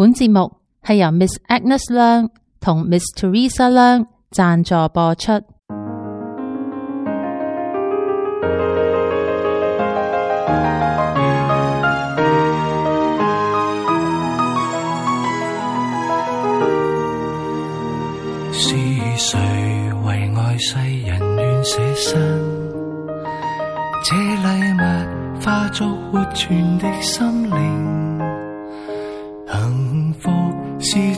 本節目係由 Miss Agnes 梁同 Miss Teresa 梁贊助播出。是誰為愛世人願捨身？這禮物化作活存的心。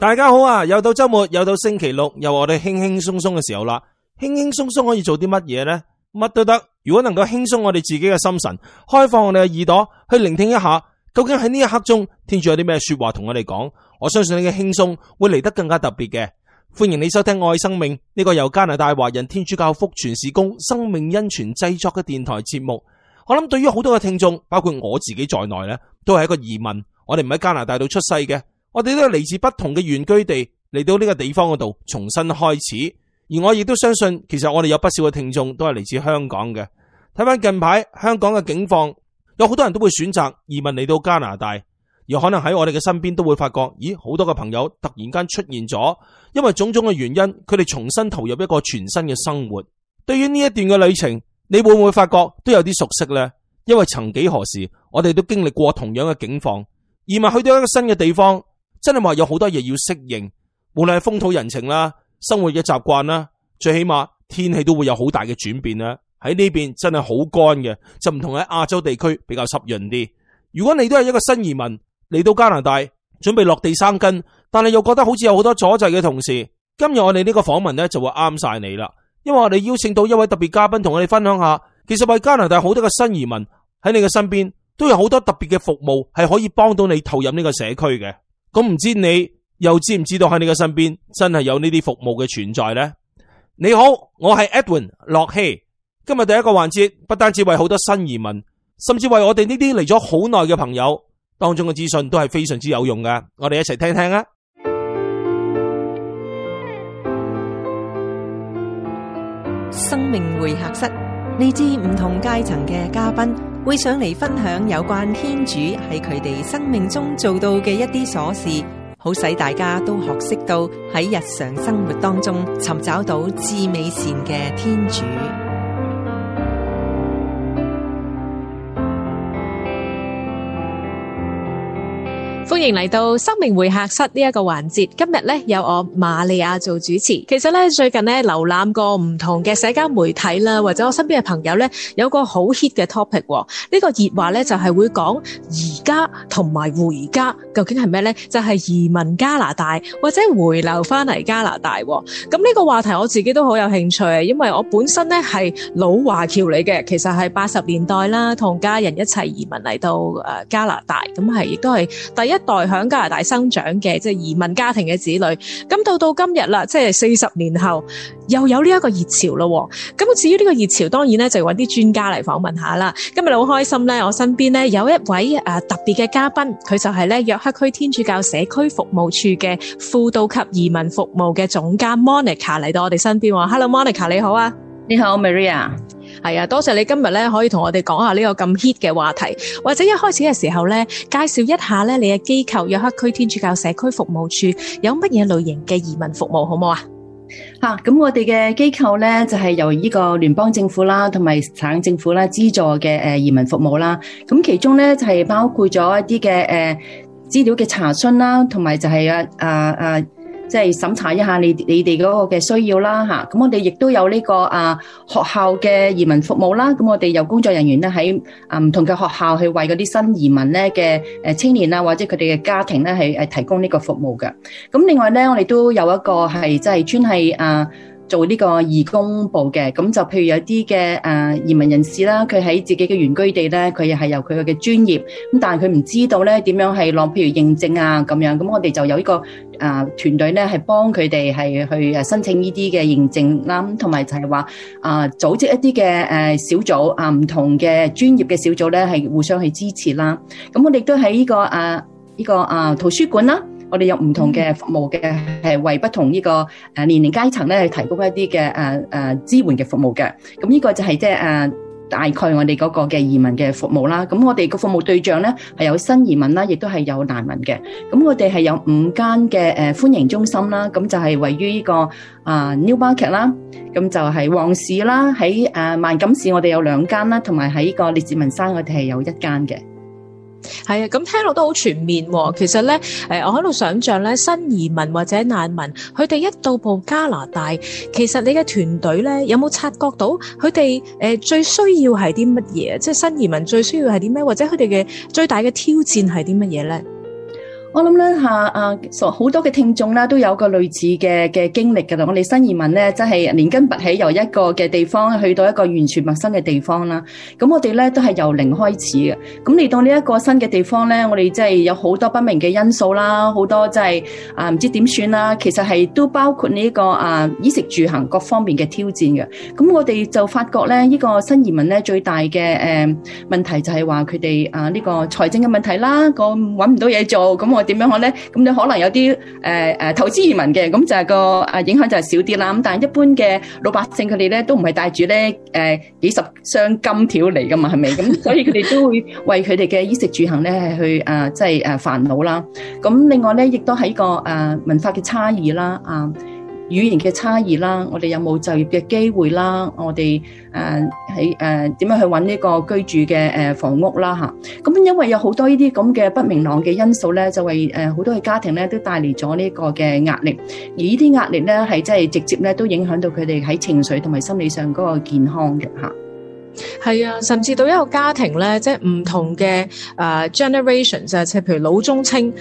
大家好啊！又到周末，又到星期六，又話我哋輕輕松鬆嘅時候啦。輕輕松鬆可以做啲乜嘢咧？乜都得。如果能夠輕鬆我哋自己嘅心神，開放我哋嘅耳朵，去聆聽一下，究竟喺呢一刻中天主有啲咩說話同我哋講？我相信你嘅輕鬆會嚟得更加特別嘅。歡迎你收聽《愛生命》呢個由加拿大華人天主教福傳事工生命恩泉製作嘅電台節目。我諗對於好多嘅聽眾，包括我自己在內咧，都係一個移民：我哋唔喺加拿大度出世嘅。我哋都係嚟自不同嘅原居地，嚟到呢個地方嗰度重新開始，而我亦都相信，其實我哋有不少嘅聽眾都係嚟自香港嘅。睇翻近排香港嘅境況，有好多人都會選擇移民嚟到加拿大，而可能喺我哋嘅身邊都會發覺，咦，好多嘅朋友突然間出現咗，因為種種嘅原因，佢哋重新投入一個全新嘅生活。對於呢一段嘅旅程，你會唔會發覺都有啲熟悉呢？因為曾幾何時，我哋都經歷過同樣嘅境況，移民去到一個新嘅地方。真係話有好多嘢要適應，無論係風土人情啦、生活嘅習慣啦，最起碼天氣都會有好大嘅轉變啦。喺呢邊真係好乾嘅，就唔同喺亞洲地區比較濕潤啲。如果你都係一個新移民嚟到加拿大，準備落地生根，但係又覺得好似有好多阻滯嘅，同時今日我哋呢個訪問咧就會啱晒你啦。因為我哋邀請到一位特別嘉賓同我哋分享下，其實喺加拿大好多個新移民喺你嘅身邊都有好多特別嘅服務係可以幫到你投入呢個社區嘅。咁唔知你又知唔知道喺你嘅身邊真係有呢啲服務嘅存在咧？你好，我係 Edwin 洛希。今日第一個環節不單止為好多新移民，甚至為我哋呢啲嚟咗好耐嘅朋友當中嘅資訊都係非常之有用噶我哋一齊聽聽啊！生命回合室呢支唔同階層嘅嘉賓會上嚟分享有關天主喺佢哋生命中做到嘅一啲瑣事，好使大家都學識到喺日常生活當中尋找到至美善嘅天主。歡迎嚟到生命會客室呢一個環節，今日呢，由我瑪利亞做主持。其實呢，最近呢，瀏覽過唔同嘅社交媒體啦，或者我身邊嘅朋友呢，有個好 hit 嘅 topic。呢個熱話呢，就係會講而家同埋回家究竟係咩呢？就係移民加拿大或者回流返嚟加拿大。咁呢個話題我自己都好有興趣，因為我本身呢係老華僑嚟嘅，其實係八十年代啦，同家人一齊移民嚟到加拿大，咁係亦都係第一。代喺加拿大生長嘅即係移民家庭嘅子女，咁到到今日啦，即係四十年後又有呢一個熱潮咯。咁至於呢個熱潮，當然咧就揾啲專家嚟訪問下啦。今日好開心咧，我身邊咧有一位誒特別嘅嘉賓，佢就係咧約克區天主教社區服務處嘅輔導及移民服務嘅總監 Monica 嚟到我哋身邊。Hello，Monica 你好啊，你好 Maria。係啊，多謝你今日可以同我哋講下呢個咁 hit 嘅話題，或者一開始嘅時候呢，介紹一下你嘅機構，約克區天主教社區服務處有乜嘢類型嘅移民服務，好唔好啊？咁我哋嘅機構呢，就係、是、由呢個聯邦政府啦，同埋省政府啦資助嘅誒、呃、移民服務啦。咁其中呢，就係、是、包括咗一啲嘅誒資料嘅查詢啦，同埋就係、啊。啊啊啊！即係審查一下你你哋嗰個嘅需要啦吓，咁我哋亦都有呢個啊學校嘅移民服務啦，咁我哋有工作人員咧，喺啊唔同嘅學校去為嗰啲新移民咧嘅誒青年啊或者佢哋嘅家庭咧係誒提供呢個服務嘅。咁另外咧，我哋都有一個係即係專係啊。做呢個義工部嘅，咁就譬如有啲嘅誒移民人士啦，佢喺自己嘅原居地咧，佢又係由佢嘅專業，咁但係佢唔知道咧點樣係落，譬如認證啊咁樣，咁我哋就有呢個誒團隊咧，係幫佢哋係去申請呢啲嘅認證啦，同埋就係話誒組織一啲嘅誒小組啊，唔同嘅專業嘅小組咧係互相去支持啦。咁我哋都喺呢個誒呢個誒圖書館啦。我哋有唔同嘅服務嘅，係為不同呢個誒年齡階層咧，係提供一啲嘅誒誒支援嘅服務嘅。咁呢個就係即係誒大概我哋嗰個嘅移民嘅服務啦。咁我哋個服務對象咧係有新移民啦，亦都係有難民嘅。咁我哋係有五間嘅誒歡迎中心啦。咁就係位於呢個啊 Newmarket 啦，咁就係旺市啦，喺誒萬錦市我哋有兩間啦，同埋喺呢個列治文山我哋係有一間嘅。係啊，咁聽落都好全面。其實咧，誒，我喺度想象咧，新移民或者難民，佢哋一到埗加拿大，其實你嘅團隊咧，有冇察覺到佢哋誒最需要係啲乜嘢？即係新移民最需要係啲咩？或者佢哋嘅最大嘅挑戰係啲乜嘢咧？我諗咧，吓啊，所好多嘅聽眾咧都有個類似嘅嘅經歷噶啦。我哋新移民咧，真係連根拔起，由一個嘅地方去到一個完全陌生嘅地方啦。咁我哋咧都係由零開始嘅。咁嚟到呢一個新嘅地方咧，我哋真係有好多不明嘅因素啦，好多即係啊唔知點算啦。其實係都包括呢一個啊衣食住行各方面嘅挑戰嘅。咁我哋就發覺咧呢個新移民咧最大嘅誒問題就係話佢哋啊呢個財政嘅問題啦，個搵唔到嘢做，咁點樣講咧？咁你可能有啲誒誒投資移民嘅，咁就係個誒影響就係少啲啦。咁但係一般嘅老百姓佢哋咧都唔係帶住咧誒幾十箱金條嚟噶嘛，係咪？咁所以佢哋都會為佢哋嘅衣食住行咧係去誒即係誒煩惱啦。咁另外咧亦都係一個誒文化嘅差異啦，啊。語言嘅差異啦，我哋有冇就業嘅機會啦，我哋誒喺誒點樣去揾呢個居住嘅誒房屋啦嚇。咁因為有好多呢啲咁嘅不明朗嘅因素咧，就為誒好多嘅家庭咧都帶嚟咗呢個嘅壓力。而呢啲壓力咧係真係直接咧都影響到佢哋喺情緒同埋心理上嗰個健康嘅嚇。係啊，甚至到一個家庭咧，即係唔同嘅誒 generation，就係譬如老中青。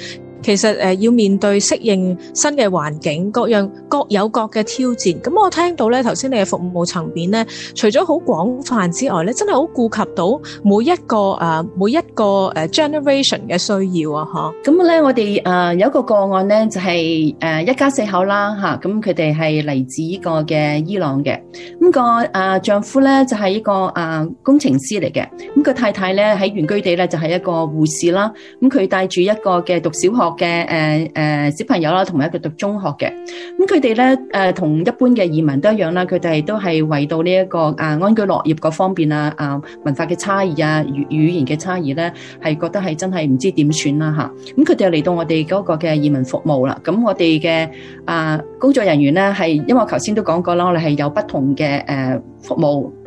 其實誒要面對適應新嘅環境，各樣各有各嘅挑戰。咁我聽到咧頭先你嘅服務層面咧，除咗好廣泛之外咧，真係好顧及到每一個誒每一個誒 generation 嘅需要啊！嚇咁咧，我哋誒有一個個案咧，就係誒一家四口啦嚇，咁佢哋係嚟自呢個嘅伊朗嘅。咁個誒丈夫咧就係呢個誒工程師嚟嘅。咁個太太咧喺原居地咧就係一個護士啦。咁佢帶住一個嘅讀小學嘅誒誒小朋友啦，同埋一個讀中學嘅，咁佢哋咧誒同一般嘅移民都一樣啦，佢哋都係為到呢一個啊安居樂業嗰方面啊啊文化嘅差異啊語語言嘅差異咧，係覺得係真係唔知點算啦吓，咁佢哋嚟到我哋嗰個嘅移民服務啦，咁我哋嘅啊工作人員咧係，因為我頭先都講過啦，我哋係有不同嘅誒服務。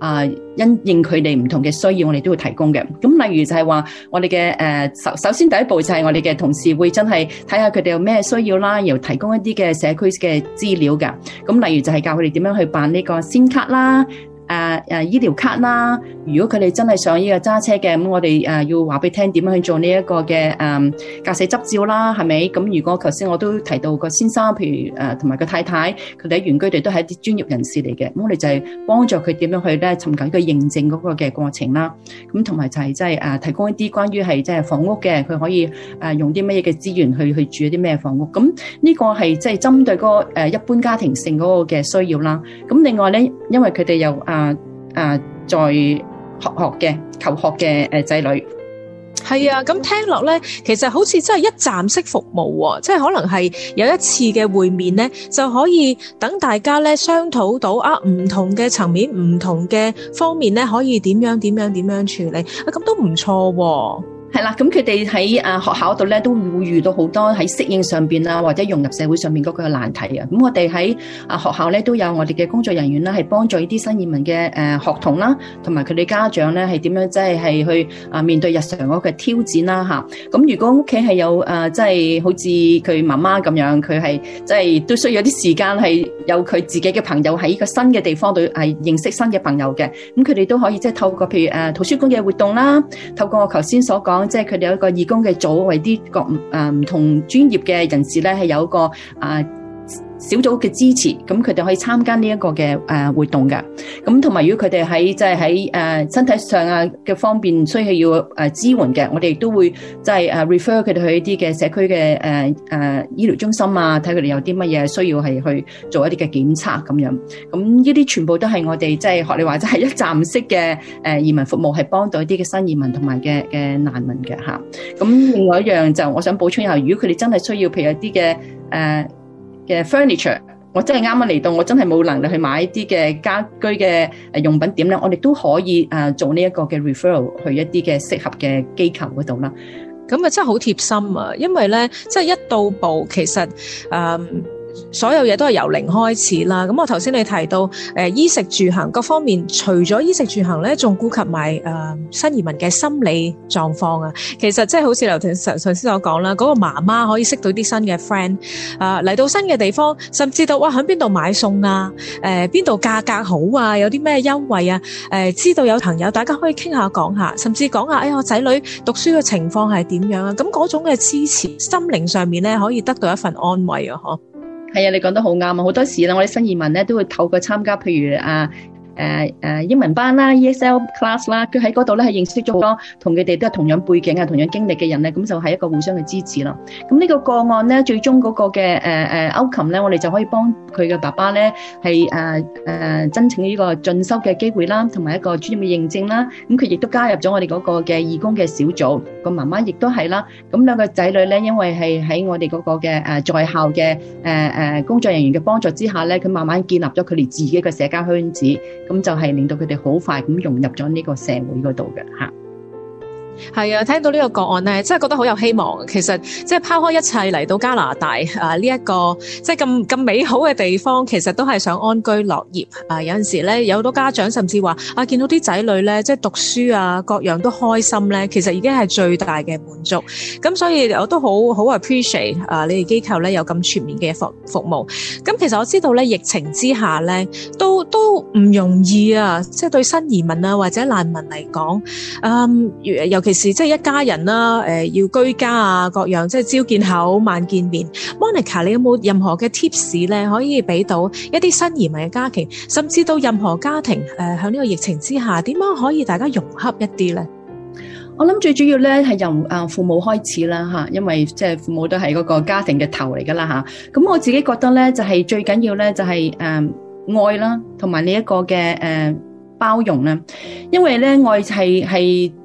啊，因應佢哋唔同嘅需要，我哋都會提供嘅。咁例如就係話，我哋嘅誒首首先第一步就係我哋嘅同事會真係睇下佢哋有咩需要啦，又提供一啲嘅社區嘅資料嘅。咁例如就係教佢哋點樣去辦呢個先卡啦。誒、啊、誒、啊、醫療卡啦，如果佢哋真係想呢個揸車嘅，咁我哋誒、啊、要話俾你聽點樣去做呢一個嘅誒駕駛執照啦，係咪？咁如果頭先我都提到個先生，譬如誒同埋個太太，佢哋喺原居地都係一啲專業人士嚟嘅，咁我哋就係幫助佢點樣去咧尋求個認證嗰個嘅過程啦。咁同埋就係即係誒提供一啲關於係即係房屋嘅，佢可以誒、啊、用啲乜嘢嘅資源去去住一啲咩房屋。咁呢個係即係針對嗰、那個、啊、一般家庭性嗰個嘅需要啦。咁另外咧，因為佢哋又誒。啊啊啊！再、啊、學學嘅求學嘅誒仔女，係啊，咁聽落咧，其實好似真係一站式服務喎、哦，即係可能係有一次嘅會面咧，就可以等大家咧商討到啊，唔同嘅層面、唔同嘅方面咧，可以點樣點樣點樣處理啊，咁都唔錯喎。係啦，咁佢哋喺啊學校度咧，都會遇到好多喺適應上邊啊，或者融入社會上面嗰個難題啊。咁我哋喺啊學校咧，都有我哋嘅工作人員啦，係幫助呢啲新移民嘅誒學童啦，同埋佢哋家長咧，係點樣即係係去啊面對日常嗰個挑戰啦嚇。咁如果屋企係有啊，即係好似佢媽媽咁樣，佢係即係都需要有啲時間係有佢自己嘅朋友喺個新嘅地方度係認識新嘅朋友嘅。咁佢哋都可以即係透過譬如圖書館嘅活動啦，透過我頭先所講。即係佢哋有一個義工嘅組，為啲各誒、呃、唔同專業嘅人士咧，係有一個誒。呃小組嘅支持，咁佢哋可以參加呢一個嘅誒活動嘅。咁同埋如果佢哋喺即係喺誒身體上啊嘅方面，需要要誒支援嘅，我哋都會即係誒 refer 佢哋去一啲嘅社區嘅誒誒醫療中心啊，睇佢哋有啲乜嘢需要係去做一啲嘅檢測咁樣。咁呢啲全部都係我哋即係學你話，齋一站式嘅誒移民服務，係幫到一啲嘅新移民同埋嘅嘅難民嘅嚇。咁另外一樣就我想補充一下，如果佢哋真係需要，譬如一啲嘅誒。呃嘅 furniture，我真係啱啱嚟到，我真係冇能力去買一啲嘅家居嘅誒用品點咧，我哋都可以誒做呢一個嘅 referral 去一啲嘅適合嘅機構嗰度啦。咁啊真係好貼心啊，因為咧即係一到步其實誒。所有嘢都係由零開始啦。咁我頭先你提到，誒、呃、衣食住行各方面，除咗衣食住行咧，仲顧及埋誒、呃、新移民嘅心理狀況啊。其實即係好似劉婷上上先所講啦，嗰、那個媽媽可以識到啲新嘅 friend，啊嚟到新嘅地方，甚至到哇喺邊度買餸啊，誒邊度價格好啊，有啲咩優惠啊，誒、呃、知道有朋友大家可以傾下講下，甚至講下，哎呀我仔女讀書嘅情況係點樣啊？咁嗰種嘅支持，心靈上面咧可以得到一份安慰啊！嗬。係啊，你講得好啱啊！好多時啦，我哋新移民咧都會透過參加，譬如啊。誒誒英文班啦，ESL class 啦，佢喺嗰度咧係認識咗好多同佢哋都係同樣背景啊、同樣經歷嘅人咧，咁就係一個互相嘅支持咯。咁呢個個案咧，最終嗰個嘅誒誒 outcome 咧，我哋就可以幫佢嘅爸爸咧係誒誒申請呢個進修嘅機會啦，同埋一個專業嘅認證啦。咁佢亦都加入咗我哋嗰個嘅義工嘅小組，個媽媽亦都係啦。咁兩個仔女咧，因為係喺我哋嗰個嘅誒在校嘅誒誒工作人員嘅幫助之下咧，佢慢慢建立咗佢哋自己嘅社交圈子。咁就係令到佢哋好快咁融入咗呢個社會嗰度嘅嚇。係啊，聽到呢個個案咧，真係覺得好有希望。其實即係拋開一切嚟到加拿大啊，呢一個即係咁咁美好嘅地方，其實都係想安居樂業啊。有陣時咧，有好多家長甚至話啊，見到啲仔女咧，即係讀書啊，各樣都開心咧，其實已經係最大嘅滿足。咁所以我都好好 appreciate 啊，你哋機構咧有咁全面嘅服服務。咁其實我知道咧，疫情之下咧，都都唔容易啊。即係對新移民啊或者難民嚟講，嗯，尤其。其實即係一家人啦，誒、呃，要居家啊，各樣即係朝見口，晚見面。Monica，你有冇任何嘅 tips 咧，可以俾到一啲新移民嘅家庭，甚至到任何家庭誒，喺、呃、呢個疫情之下，點樣可以大家融洽一啲咧？我諗最主要咧係由啊父母開始啦，吓，因為即係父母都係嗰個家庭嘅頭嚟噶啦吓。咁我自己覺得咧，就係最緊要咧，就係誒愛啦，同埋呢一個嘅誒包容啦，因為咧愛係係。是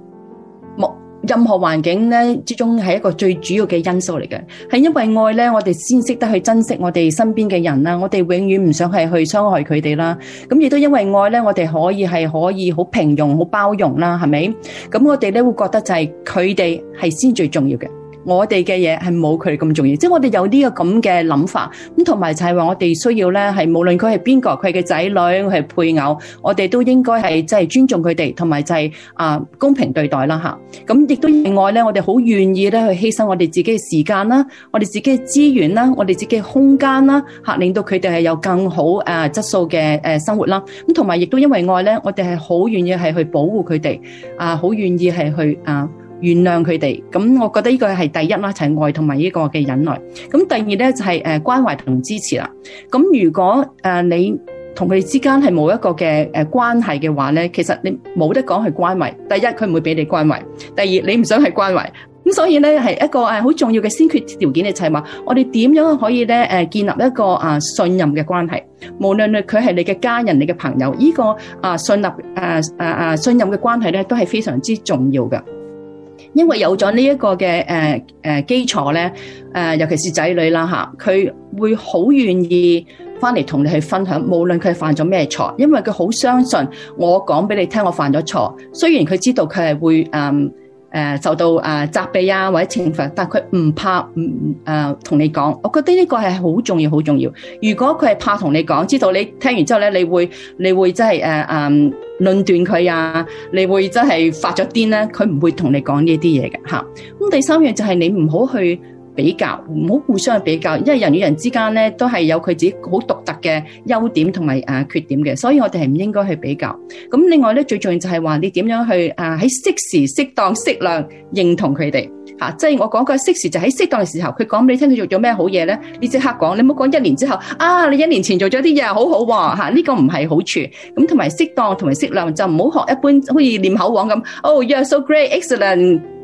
任何環境呢之中係一個最主要嘅因素嚟嘅，係因為愛呢我哋先識得去珍惜我哋身邊嘅人啦，我哋永遠唔想係去傷害佢哋啦，咁亦都因為愛呢我哋可以係可以好平庸、好包容啦，係咪？咁我哋呢會覺得就係佢哋係先最重要嘅。我哋嘅嘢係冇佢哋咁重要，即係我哋有呢個咁嘅諗法，咁同埋就係話我哋需要呢，係無論佢係邊個，佢嘅仔女，佢嘅配偶，我哋都應該係即係尊重佢哋，同埋就係啊公平對待啦吓。咁亦都愛呢，我哋好願意呢去犧牲我哋自己嘅時間啦，我哋自己嘅資源啦，我哋自己嘅空間啦吓，令到佢哋係有更好誒質素嘅生活啦。咁同埋亦都因為愛呢，我哋係好願意係去保護佢哋，啊好願意係去、啊原諒佢哋，咁我覺得呢個係第一啦，就係愛同埋呢個嘅忍耐。咁第二咧就係誒關懷同支持啦。咁如果誒你同佢哋之間係冇一個嘅誒關係嘅話咧，其實你冇得講係關懷。第一佢唔會俾你關懷，第二你唔想係關懷。咁所以咧係一個誒好重要嘅先決條件嚟，就係話我哋點樣可以咧誒建立一個啊信任嘅關係，無論佢佢係你嘅家人、你嘅朋友，呢個啊信任誒誒誒信任嘅關係咧都係非常之重要嘅。因為有咗呢一個嘅基礎呢，呃，尤其是仔女啦吓，佢會好願意返嚟同你去分享，無論佢係犯咗咩錯，因為佢好相信，我講俾你聽我犯咗錯，雖然佢知道佢係會嗯。誒受到誒責備啊，或者懲罰，但佢唔怕唔唔同你講。我覺得呢個係好重要，好重要。如果佢係怕同你講，知道你聽完之後呢，你會你會真係誒嗯論斷佢啊，你會真係發咗癲咧，佢唔會同你講呢啲嘢嘅嚇。咁第三樣就係你唔好去。比較唔好互相比較，因為人與人之間咧都係有佢自己好獨特嘅優點同埋誒缺點嘅，所以我哋係唔應該去比較。咁另外咧最重要就係話你點樣去誒喺適時、適當、適量認同佢哋嚇，即係我講嘅適時就喺適當嘅時候，佢講畀你聽佢做咗咩好嘢咧，你即刻講，你唔好講一年之後啊，你一年前做咗啲嘢好好喎嚇，呢個唔係好處。咁同埋適當同埋適量就唔好學一般好似念口簧咁，哦，you're so great excellent。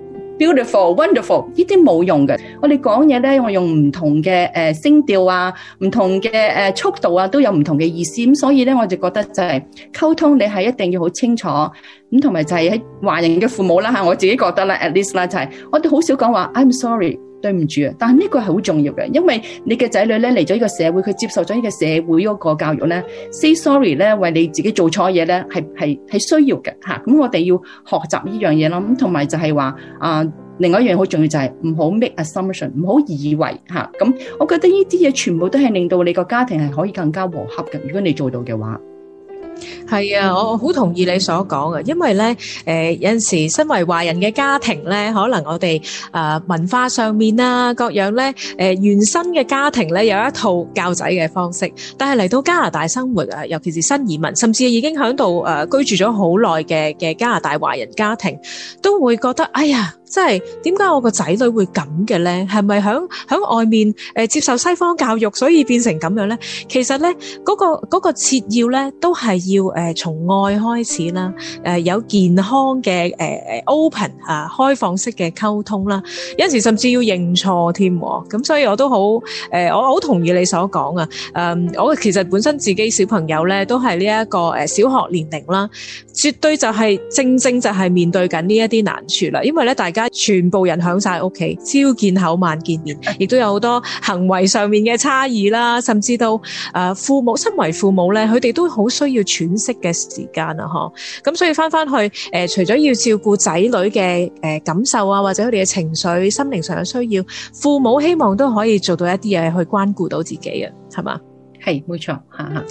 Beautiful, wonderful，呢啲冇用嘅。我哋講嘢咧，我用唔同嘅誒聲調啊，唔同嘅誒速度啊，都有唔同嘅意思。咁所以咧，我就覺得就係溝通，你係一定要好清楚。咁同埋就係喺華人嘅父母啦，吓我自己覺得啦，at least 啦就係我哋好少講話。I'm sorry。對唔住，但係呢個係好重要嘅，因為你嘅仔女咧嚟咗呢個社會，佢接受咗呢個社會嗰個教育呢 say sorry 呢，為你自己做錯嘢事係需要嘅。咁我哋要學習呢樣嘢咯，同埋就係話另外一樣好重要就係唔好 make assumption，唔好以為咁，我覺得呢啲嘢全部都係令到你個家庭係可以更加和諧嘅。如果你做到嘅話。係啊，我好同意你所講啊，因為咧，誒、呃、有陣時身為華人嘅家庭咧，可能我哋誒、呃、文化上面啦、啊，各樣咧，誒、呃、原生嘅家庭咧有一套教仔嘅方式，但係嚟到加拿大生活啊，尤其是新移民，甚至已經響度誒居住咗好耐嘅嘅加拿大華人家庭，都會覺得哎呀。即係點解我個仔女會咁嘅咧？係咪響響外面誒接受西方教育，所以變成咁樣咧？其實咧嗰個嗰個切要咧，都係要誒從愛開始啦，誒有健康嘅誒誒 open 啊開放式嘅溝通啦，有陣時甚至要認錯添。咁所以我都好誒，我好同意你所講啊。誒，我其實本身自己小朋友咧都係呢一個誒小學年齡啦，絕對就係正正就係面對緊呢一啲難處啦。因為咧大家。而家全部人響晒屋企，朝見口，晚見面，亦都有好多行為上面嘅差異啦，甚至到誒父母身為父母咧，佢哋都好需要喘息嘅時間啊！嗬，咁所以返返去誒，除咗要照顧仔女嘅誒感受啊，或者佢哋嘅情緒、心靈上嘅需要，父母希望都可以做到一啲嘢去關顧到自己嘅，係嘛？係，冇錯，吓吓。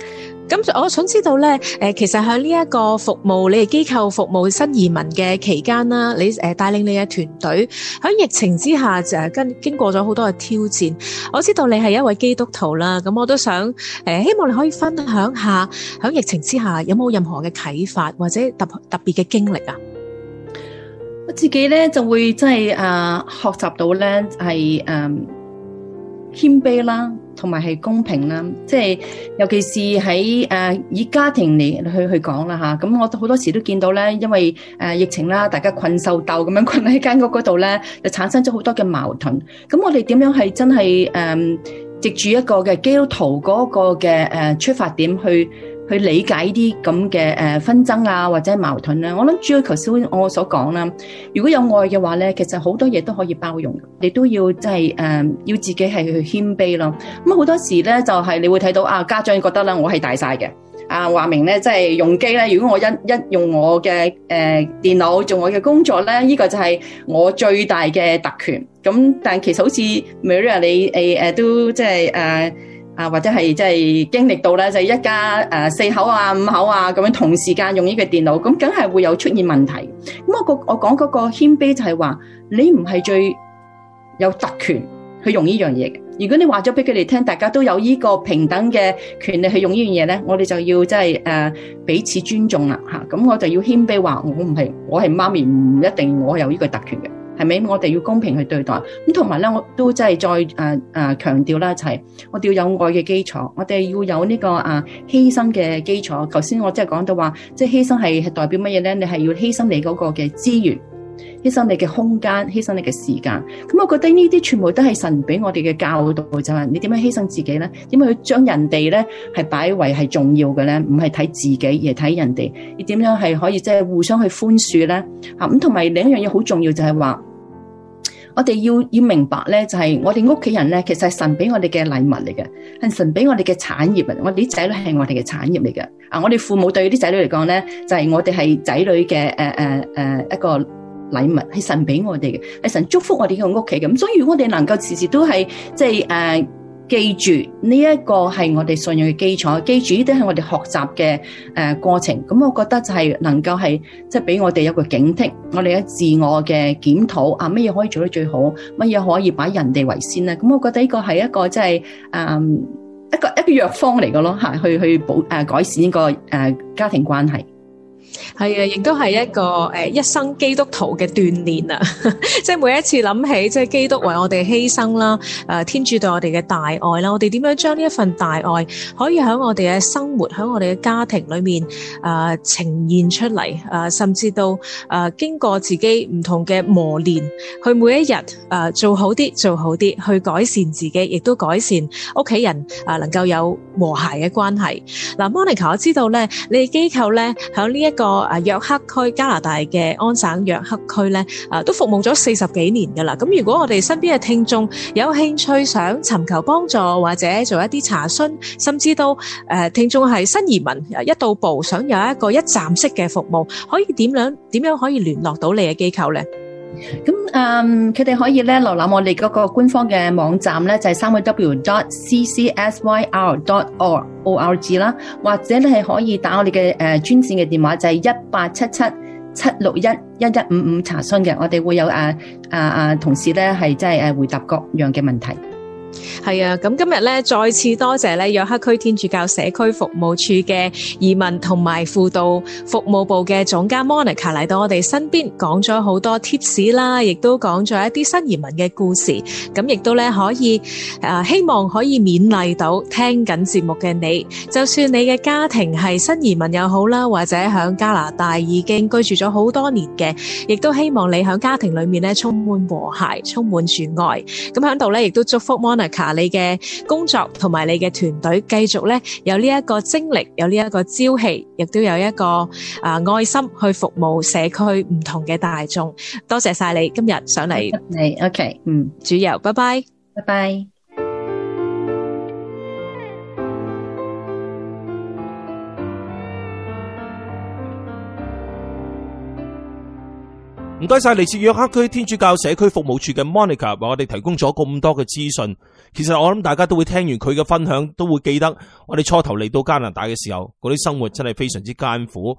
咁我想知道呢，其實喺呢一個服務你哋機構服務新移民嘅期間啦，你帶領你嘅團隊喺疫情之下就經過咗好多嘅挑戰。我知道你係一位基督徒啦，咁我都想希望你可以分享下喺疫情之下有冇任何嘅啟發或者特特別嘅經歷啊？我自己呢，就會真係誒、啊，學習到咧係誒謙卑啦。同埋係公平啦，即係尤其是喺、呃、以家庭嚟去去講啦吓，咁、啊、我都好多時都見到咧，因為、呃、疫情啦，大家困獸鬥咁樣困喺間屋嗰度咧，就產生咗好多嘅矛盾。咁我哋點樣係真係誒、呃、藉住一個嘅基督徒嗰個嘅出發點去去理解啲咁嘅誒紛爭啊，或者矛盾咧、啊。我諗主要頭先我所講啦，如果有愛嘅話咧，其實好多嘢都可以包容，你都要即係、就是呃、要自己係去謙卑咯。咁、嗯、好多時咧，就係、是、你會睇到啊家長覺得、啊、呢，我係大晒嘅啊，話明咧即係用機咧，如果我一一用我嘅誒、呃、電腦做我嘅工作咧，呢、這個就係我最大嘅特權。咁但其實好似 Maria 你誒誒、呃、都即係啊，或者係即係經歷到咧，就一家誒四口啊、五口啊咁樣同時間用呢個電腦，咁梗係會有出現問題的。咁我，我說個我講嗰個謙卑就係話，你唔係最有特權去用呢樣嘢嘅。如果你話咗俾佢哋聽，大家都有呢個平等嘅權利去用呢樣嘢咧，我哋就要即係誒彼此尊重啦。吓，咁我就要謙卑話，我唔係我係媽咪，唔一定我有呢個特權嘅。係咪？我哋要公平去對待，咁，同埋咧，我都真係再誒誒強調啦，就係、是、我哋要有愛嘅基礎，我哋要有呢、這個啊犧、呃、牲嘅基礎。頭先我真係講到話，即係犧牲係係代表乜嘢咧？你係要犧牲你嗰個嘅資源，犧牲你嘅空間，犧牲你嘅時間。咁、嗯、我覺得呢啲全部都係神俾我哋嘅教導，就係、是、你點樣犧牲自己咧？點樣去將人哋咧係擺為係重要嘅咧？唔係睇自己，而係睇人哋。你點樣係可以即係、就是、互相去寬恕咧？咁、嗯，同埋另一樣嘢好重要就係、是、話。我哋要要明白呢，就係我哋屋企人呢，其實係神畀我哋嘅禮物嚟嘅，係神畀我哋嘅產業啊！我哋啲仔女係我哋嘅產業嚟嘅啊！我哋父母對啲仔女嚟講呢，就係我哋係仔女嘅呃呃呃一個禮物，係神畀我哋嘅，係神祝福我哋嘅屋企嘅。咁所以，我哋能夠時時都係即係誒。記住這個是我哋信任的基礎，記住這啲係我哋學習的過程。咁、嗯、我覺得就是能夠是即、就是、俾我哋一個警惕，我哋嘅自我的檢討啊，咩嘢可以做得最好，乜嘢可以把人哋為先咧、嗯？我覺得這個係一個就是誒一個一個藥方來的咯，吓去去、啊、改善這個、啊、家庭關係。係啊，亦都係一個誒一生基督徒嘅鍛煉啊！即係每一次諗起，即係基督為我哋犧牲啦，誒天主對我哋嘅大愛啦，我哋點樣將呢一份大愛可以喺我哋嘅生活、喺我哋嘅家庭裏面誒呈現出嚟？甚至到誒經過自己唔同嘅磨練，去每一日誒做好啲，做好啲，去改善自己，亦都改善屋企人能夠有和諧嘅關係。嗱，Monica，我知道咧，你哋機構咧喺呢一。個啊約克區加拿大嘅安省約克區咧，啊都服務咗四十幾年噶啦。咁如果我哋身邊嘅聽眾有興趣想尋求幫助，或者做一啲查詢，甚至到誒聽眾係新移民一到埗，想有一個一站式嘅服務，可以點樣點樣可以聯絡到你嘅機構呢？咁誒，佢哋可以呢，瀏覽我哋嗰個官方嘅網站呢，就係 www.ccsyr.org 啦，或者呢係可以打我哋嘅誒專線嘅電話，就係18777611155查詢嘅，我哋會有誒同事呢，係真係回答各樣嘅問題。係啊，咁今日咧再次多謝咧約克區天主教社區服務處嘅移民同埋輔導服務部嘅總監 Monica 嚟到我哋身邊，講咗好多 tips 啦，亦都講咗一啲新移民嘅故事。咁亦都咧可以誒，希望可以勉勵到聽緊節目嘅你。就算你嘅家庭係新移民又好啦，或者喺加拿大已經居住咗好多年嘅，亦都希望你喺家庭裏面咧充滿和諧，充滿住愛。咁喺度咧，亦都祝福 Monica。你嘅工作同埋你嘅團隊繼續咧有呢一個精力，有呢一個朝氣，亦都有一個啊愛心去服務社區唔同嘅大眾。多謝晒你今日上嚟，你 OK 嗯，主佑，拜拜，拜拜。唔該晒，嚟自約克區天主教社區服務處嘅 Monica 為我哋提供咗咁多嘅資訊。其實我諗大家都會聽完佢嘅分享，都會記得我哋初頭嚟到加拿大嘅時候，嗰啲生活真係非常之艱苦。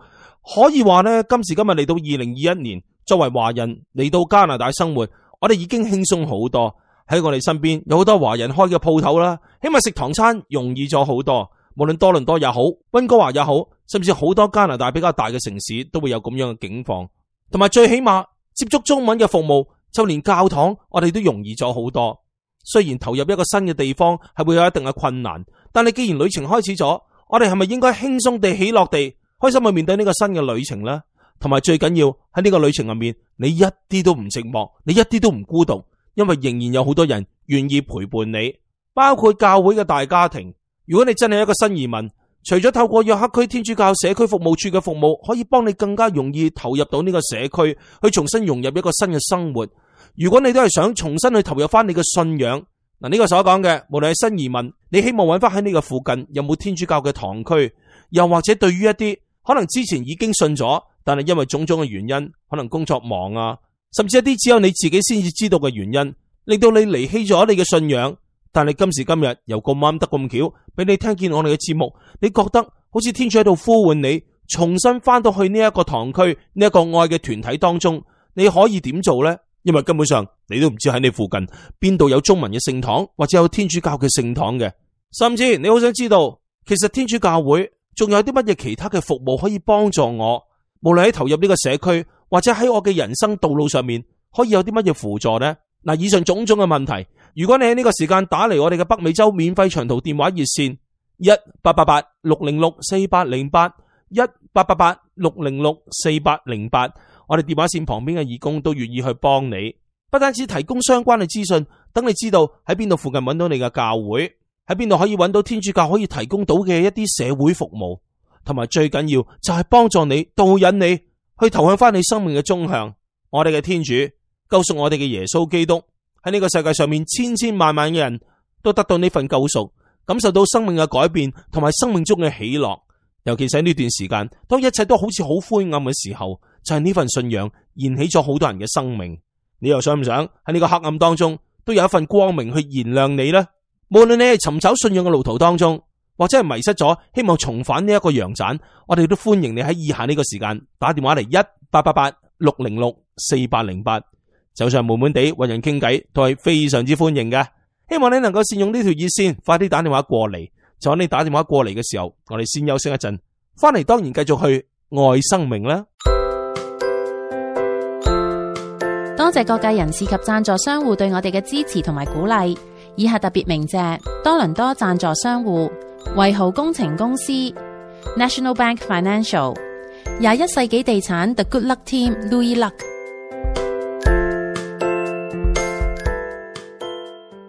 可以話呢，今時今日嚟到二零二一年，作為華人嚟到加拿大生活，我哋已經輕鬆好多。喺我哋身邊有好多華人開嘅鋪頭啦，起碼食堂餐容易咗好多。無論多倫多也好，溫哥華也好，甚至好多加拿大比較大嘅城市都會有咁樣嘅境況，同埋最起碼。接觸中文嘅服務，就連教堂我哋都容易咗好多。雖然投入一個新嘅地方係會有一定嘅困難，但你既然旅程開始咗，我哋係咪應該輕鬆地喜樂地，開心去面對呢個新嘅旅程呢？同埋最緊要喺呢個旅程入面，你一啲都唔寂寞，你一啲都唔孤獨，因為仍然有好多人願意陪伴你，包括教會嘅大家庭。如果你真係一個新移民。除咗透過約克區天主教社區服務處嘅服務，可以幫你更加容易投入到呢個社區，去重新融入一個新嘅生活。如果你都係想重新去投入翻你嘅信仰，嗱，呢個所講嘅，無論係新移民，你希望揾翻喺你個附近有冇天主教嘅堂區，又或者對於一啲可能之前已經信咗，但係因為種種嘅原因，可能工作忙啊，甚至一啲只有你自己先至知道嘅原因，令到你離棄咗你嘅信仰。但係今時今日又咁啱得咁巧，俾你聽見我哋嘅節目，你覺得好似天主喺度呼喚你，重新翻到去呢一個堂區、呢一個愛嘅團體當中，你可以點做呢？因為根本上你都唔知喺你附近邊度有中文嘅聖堂，或者有天主教嘅聖堂嘅，甚至你好想知道，其實天主教會仲有啲乜嘢其他嘅服務可以幫助我？無論喺投入呢個社區，或者喺我嘅人生道路上面，可以有啲乜嘢輔助呢？嗱，以上種種嘅問題。如果你喺呢個時間打嚟我哋嘅北美洲免費長途電話熱線一八八八六零六四八零八一八八八六零六四八零八，我哋電話線旁邊嘅義工都願意去幫你，不單止提供相關嘅資訊，等你知道喺邊度附近揾到你嘅教會，喺邊度可以揾到天主教可以提供到嘅一啲社會服務，同埋最緊要就係幫助你、導引你去投向翻你生命嘅終向，我哋嘅天主救贖我哋嘅耶穌基督。喺呢個世界上面，千千萬萬嘅人都得到呢份救贖，感受到生命嘅改變，同埋生命中嘅喜樂。尤其是喺呢段時間，當一切都好似好灰暗嘅時候，就係呢份信仰燃起咗好多人嘅生命。你又想唔想喺呢個黑暗當中，都有一份光明去燃亮你呢？無論你係尋找信仰嘅路途當中，或者係迷失咗，希望重返呢一個羊棧，我哋都歡迎你喺以下呢個時間打電話嚟：一八八八六零六四八零八。走上悶悶地，搵人傾偈都係非常之歡迎嘅。希望你能夠善用呢條熱線，快啲打電話過嚟。就喺你打電話過嚟嘅時候，我哋先休息一陣，翻嚟當然繼續去愛生命啦。多謝各界人士及贊助商戶對我哋嘅支持同埋鼓勵。以下特別鳴謝多倫多贊助商戶維豪工程公司、National Bank Financial、廿一世紀地產 The Good Luck Team、Louis Luck。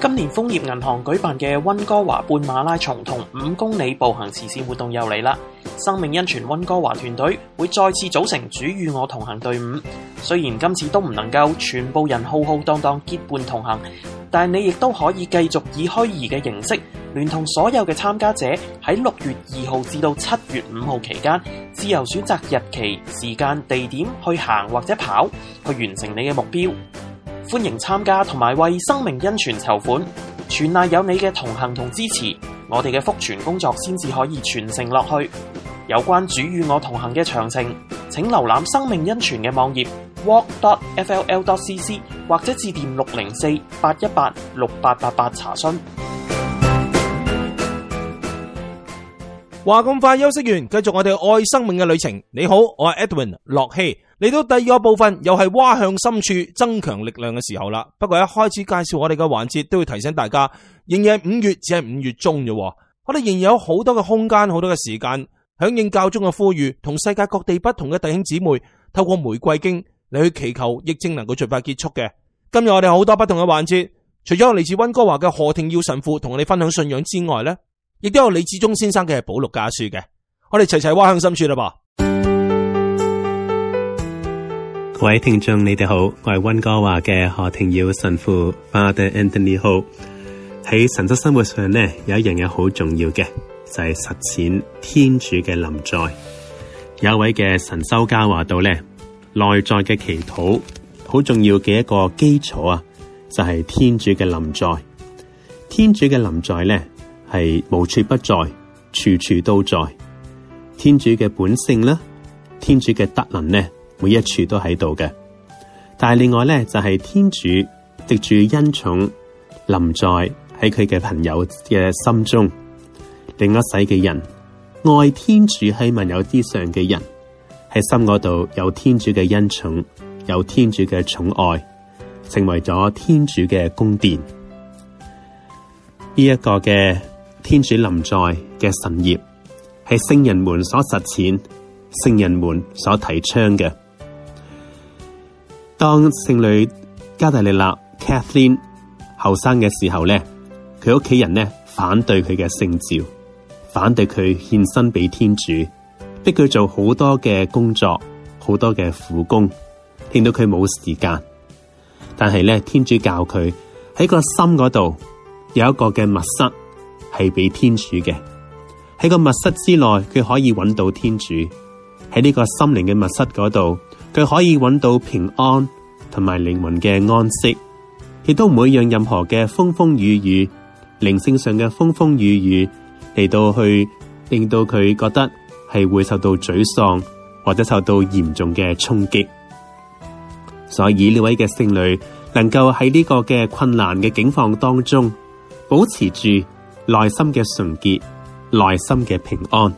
今年豐業銀行舉辦嘅温哥華半馬拉松同五公里步行慈善活動又嚟啦！生命恩泉温哥華團隊會再次組成主與我同行隊伍，雖然今次都唔能夠全部人浩浩蕩蕩結伴同行，但你亦都可以繼續以虛擬嘅形式，聯同所有嘅參加者喺六月二號至到七月五號期間，自由選擇日期、時間、地點去行或者跑，去完成你嘅目標。歡迎參加同埋為生命恩泉籌款，全賴有你嘅同行同支持，我哋嘅福傳工作先至可以傳承落去。有關主與我同行嘅詳情，請瀏覽生命恩泉嘅網頁 walk.fll.cc 或者致電六零四八一八六八八八查詢。話咁快休息完，繼續我哋愛生命嘅旅程。你好，我係 Edwin 樂希。嚟到第二個部分，又係划向深處增強力量嘅時候啦。不過一開始介紹我哋嘅環節，都會提醒大家，仍然係五月只係五月中喎。我哋仍然有好多嘅空間，好多嘅時間，響應教宗嘅呼籲，同世界各地不同嘅弟兄姊妹，透過玫瑰經嚟去祈求疫症能夠盡快結束嘅。今日我哋好多不同嘅環節，除咗有嚟自溫哥華嘅何廷耀神父同我哋分享信仰之外呢。亦都有李志忠先生嘅《保祿家書》嘅，我哋齊齊挖向深處啦，噃。各位聽眾，你哋好，我係溫哥華嘅何庭耀神父 Father Anthony。好喺神職生活上呢，有一樣嘢好重要嘅，就係實踐天主嘅臨在。有一位嘅神修家話到呢，內在嘅祈禱好重要嘅一個基礎啊，就係天主嘅臨在。天主嘅臨在呢，係無處不在，處處都在。天主嘅本性咧，天主嘅德能咧，每一處都喺度嘅。但係另外咧，就係、是、天主藉住恩寵臨在喺佢嘅朋友嘅心中，另一世嘅人愛天主喺萬有之上嘅人，喺心嗰度有天主嘅恩寵，有天主嘅寵愛，成為咗天主嘅宮殿。呢一個嘅。天主臨在嘅神業係聖人們所實踐，聖人們所提倡嘅。當聖女加大利納 Kathleen 後生嘅時候咧，佢屋企人咧反對佢嘅聖召，反對佢獻身俾天主，逼佢做好多嘅工作，好多嘅苦工，令到佢冇時間。但係咧，天主教佢喺個心嗰度有一個嘅密室。係俾天主嘅。喺個密室之內，佢可以揾到天主喺呢個心靈嘅密室嗰度，佢可以揾到平安同埋靈魂嘅安息，亦都唔會讓任何嘅風風雨雨，靈性上嘅風風雨雨嚟到去，令到佢覺得係會受到沮喪或者受到嚴重嘅衝擊。所以呢位嘅聖女能夠喺呢個嘅困難嘅境況當中保持住，內心嘅純潔，內心嘅平安，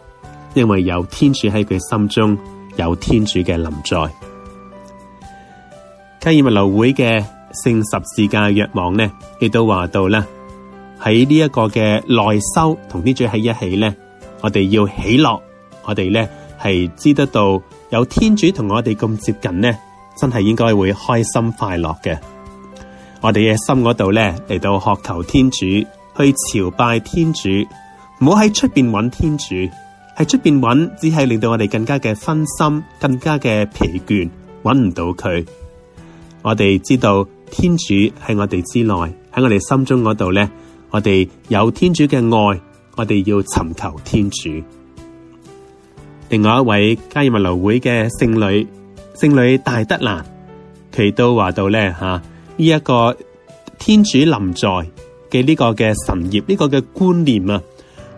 因為有天主喺佢心中，有天主嘅臨在。加爾默羅會嘅聖十字架若望呢，亦都話到啦，喺呢一個嘅內修同天主喺一起咧，我哋要喜樂，我哋咧係知得到有天主同我哋咁接近咧，真係應該會開心快樂嘅。我哋嘅心嗰度咧，嚟到渴求天主。去朝拜天主，唔好喺出邊揾天主，喺出邊揾只係令到我哋更加嘅分心，更加嘅疲倦，揾唔到佢。我哋知道天主喺我哋之內，喺我哋心中嗰度咧，我哋有天主嘅愛，我哋要尋求天主。另外一位加爾默羅會嘅聖女，聖女大德蘭，佢都話到咧吓，呢一個天主臨在。嘅呢個嘅神業呢個嘅觀念啊，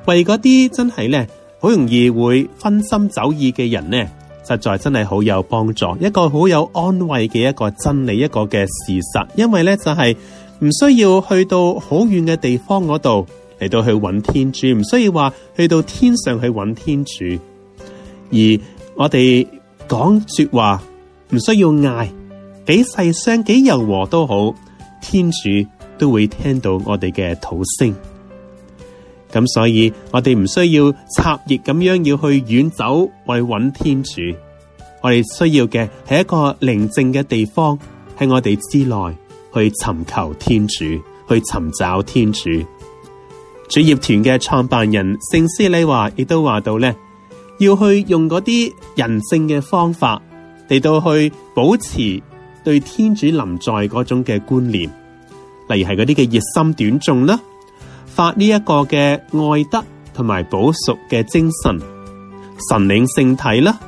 為嗰啲真係呢，好容易會分心走意嘅人呢，實在真係好有幫助，一個好有安慰嘅一個真理，一個嘅事實。因為呢，就係唔需要去到好遠嘅地方嗰度嚟到去揾天主，唔需要話去到天上去揾天主，而我哋講說話唔需要嗌幾細聲幾柔和都好，天主，都會聽到我哋嘅土聲，咁所以我哋唔需要插翼咁樣要去遠走，為揾天主。我哋需要嘅係一個寧靜嘅地方喺我哋之內去尋求天主，去尋找天主。主業團嘅創辦人聖施禮華亦都話到呢，要去用嗰啲人性嘅方法嚟到去保持對天主臨在嗰種嘅觀念。例如係嗰啲嘅熱心短誦啦，發呢一個嘅愛德同埋補贖嘅精神，神領聖體啦，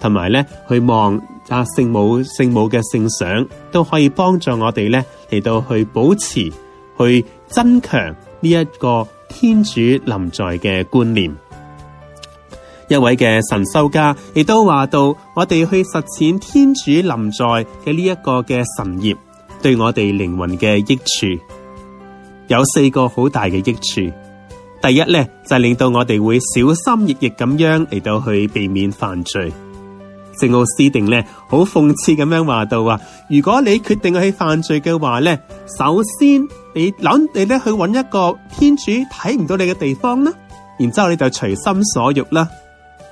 同埋咧去望啊聖母聖母嘅聖像，都可以幫助我哋咧嚟到去保持、去增強呢一個天主臨在嘅觀念。一位嘅神修家亦都話到，我哋去實踐天主臨在嘅呢一個嘅神業。對我哋靈魂嘅益處，有四個好大嘅益處。第一呢，就係、令到我哋會小心翼翼咁樣嚟到去避免犯罪。聖奧斯定呢，好諷刺咁樣話到啊，如果你決定去犯罪嘅話呢，首先你諗你咧去揾一個天主睇唔到你嘅地方啦，然之後你就隨心所欲啦。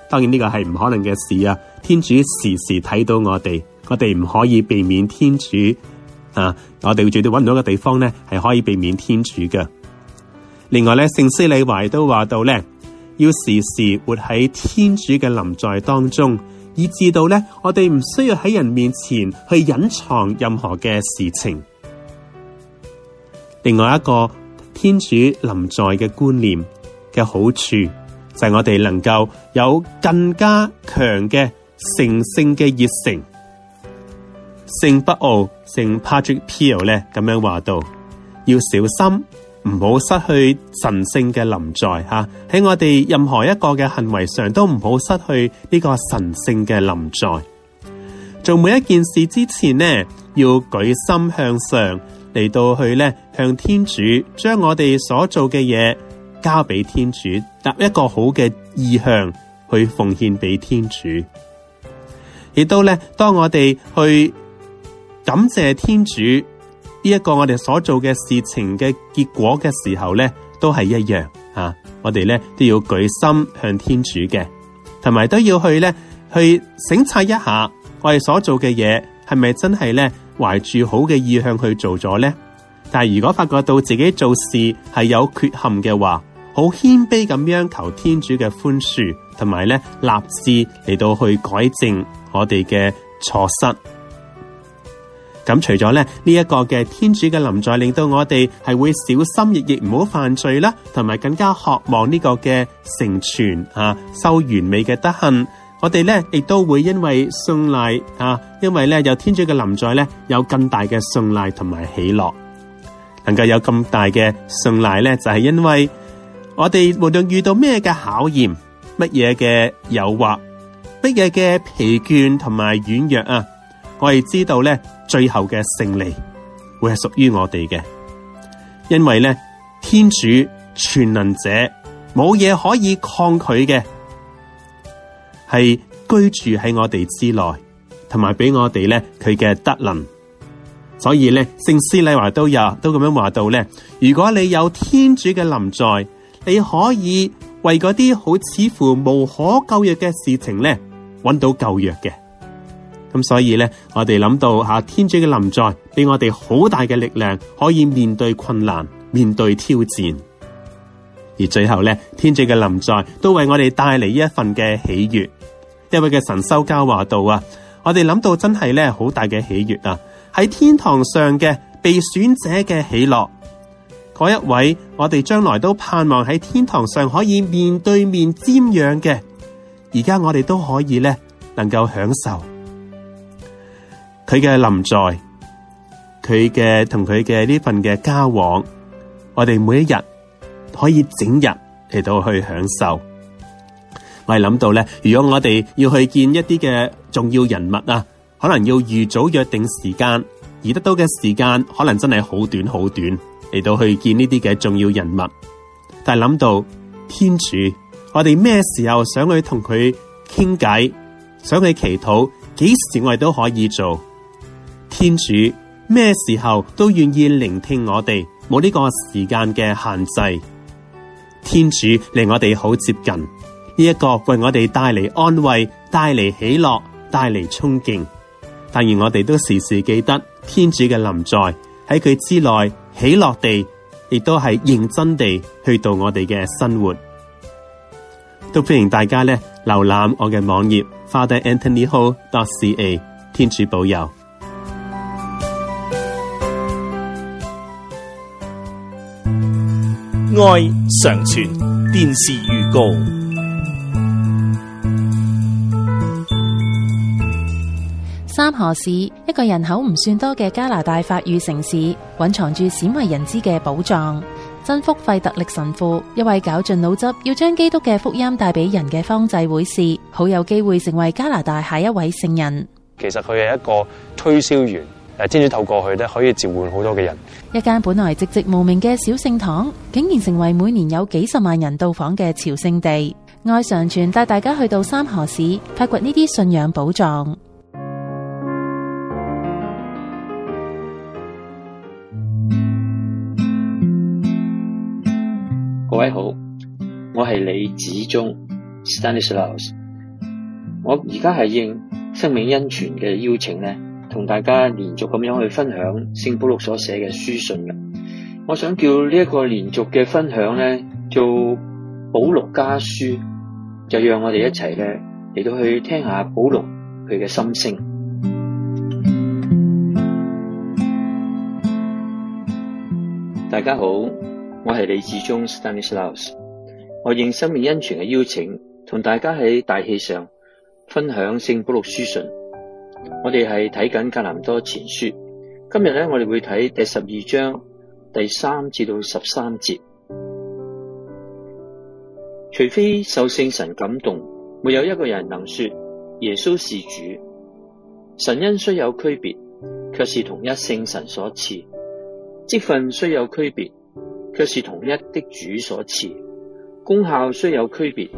當然呢個係唔可能嘅事啊。天主時時睇到我哋，我哋唔可以避免天主。啊！我哋會絕對搵唔到嘅地方咧，係可以避免天主嘅。另外咧，聖司理懷都話到咧，要時時活喺天主嘅臨在當中，以至到咧，我哋唔需要喺人面前去隱藏任何嘅事情。另外一個天主臨在嘅觀念嘅好處，就係、是、我哋能夠有更加強嘅成聖嘅熱誠。盛盛聖保祿，聖 Patrick Peel 咧，咁樣話道：要小心，唔好失去神聖嘅臨在吓。喺我哋任何一個嘅行為上，都唔好失去呢個神聖嘅臨在。做每一件事之前呢，要舉心向上嚟到去咧向天主，將我哋所做嘅嘢交俾天主，搭一個好嘅意向去奉獻俾天主。亦都咧，當我哋去。感謝天主，呢一個我哋所做嘅事情嘅結果嘅時候呢，都係一樣啊！我哋呢都要舉心向天主嘅，同埋都要去呢去省察一下我哋所做嘅嘢，係咪真係呢懷住好嘅意向去做咗呢？但係如果發覺到自己做事係有缺陷嘅話，好謙卑咁樣求天主嘅寬恕，同埋呢立志嚟到去改正我哋嘅錯失。咁除咗咧呢一，這個嘅天主嘅臨在，令到我哋係會小心翼翼，唔好犯罪啦，同埋更加渴望呢個嘅成全啊，修完美嘅德行。我哋咧亦都會因為信賴啊，因為咧有天主嘅臨在咧，有更大嘅信賴同埋喜樂，能夠有咁大嘅信賴咧，就係、是、因為我哋無論遇到咩嘅考驗，乜嘢嘅誘惑，乜嘢嘅疲倦同埋軟弱啊。我哋知道咧，最後嘅勝利會係屬於我哋嘅，因為咧天主全能者冇嘢可以抗拒嘅，係居住喺我哋之內，同埋俾我哋咧佢嘅德能。所以咧，聖施禮華都有都咁樣話到咧，如果你有天主嘅臨在，你可以為嗰啲好似乎無可救藥嘅事情咧，搵到救藥嘅。咁所以呢，我哋諗到吓天主嘅臨在俾我哋好大嘅力量，可以面對困難，面對挑戰。而最後呢，天主嘅臨在都為我哋帶嚟一份嘅喜悅。一位嘅神修家話道啊，我哋諗到真係呢好大嘅喜悅啊！喺天堂上嘅被選者嘅喜樂，嗰一位我哋將來都盼望喺天堂上可以面對面瞻仰嘅，而家我哋都可以呢能夠享受。佢嘅臨在，佢嘅同佢嘅呢份嘅交往，我哋每一日可以整日嚟到去享受。我哋諗到咧，如果我哋要去見一啲嘅重要人物啊，可能要預早約定時間，而得到嘅時間可能真係好短好短，嚟到去見呢啲嘅重要人物。但係諗到天主，我哋咩時候想去同佢傾偈，想去祈禱，幾時我哋都可以做。天主咩時候都願意聆聽我哋，冇呢個時間嘅限制。天主令我哋好接近呢一個，為我哋帶嚟安慰、帶嚟喜樂、帶嚟憧憬。但願我哋都時時記得天主嘅臨在喺佢之內，喜樂地亦都係認真地去到我哋嘅生活。都歡迎大家咧瀏覽我嘅網頁，Father Anthony Ho dot c a。天主保佑。愛常傳電視預告。三河市，一個人口唔算多嘅加拿大法語城市，蘊藏住鮮為人知嘅寶藏。真福費特力神父，一位搞盡腦汁，要將基督嘅福音帶俾人嘅方濟會士，好有機會成為加拿大下一位聖人。其實佢係一個推銷員。誒，天主透過去咧，可以召喚好多嘅人。一間本來寂寂無名嘅小聖堂，竟然成為每年有幾十萬人到訪嘅朝聖地。愛常傳帶大家去到三河市，發掘呢啲信仰寶藏。各位好，我係李子忠 （Stanislaus）。Stanislavs. 我而家係應生命恩泉嘅邀請咧，同大家連續咁樣去分享聖保祿所寫嘅書信嘅，我想叫呢一個連續嘅分享咧，做保祿家書，就讓我哋一齊咧嚟到去聽下保祿佢嘅心聲。大家好，我係李志忠 Stanislaus，我應生命恩泉嘅邀請，同大家喺大氣上分享聖保祿書信。我哋係睇緊《格林多前書》，今日咧，我哋會睇第十二章第三至到十三節。除非受聖神感動，沒有一個人能說耶穌是主。神恩雖有區別，卻是同一聖神所賜；職份雖有區別，卻是同一的主所賜；功效雖有區別。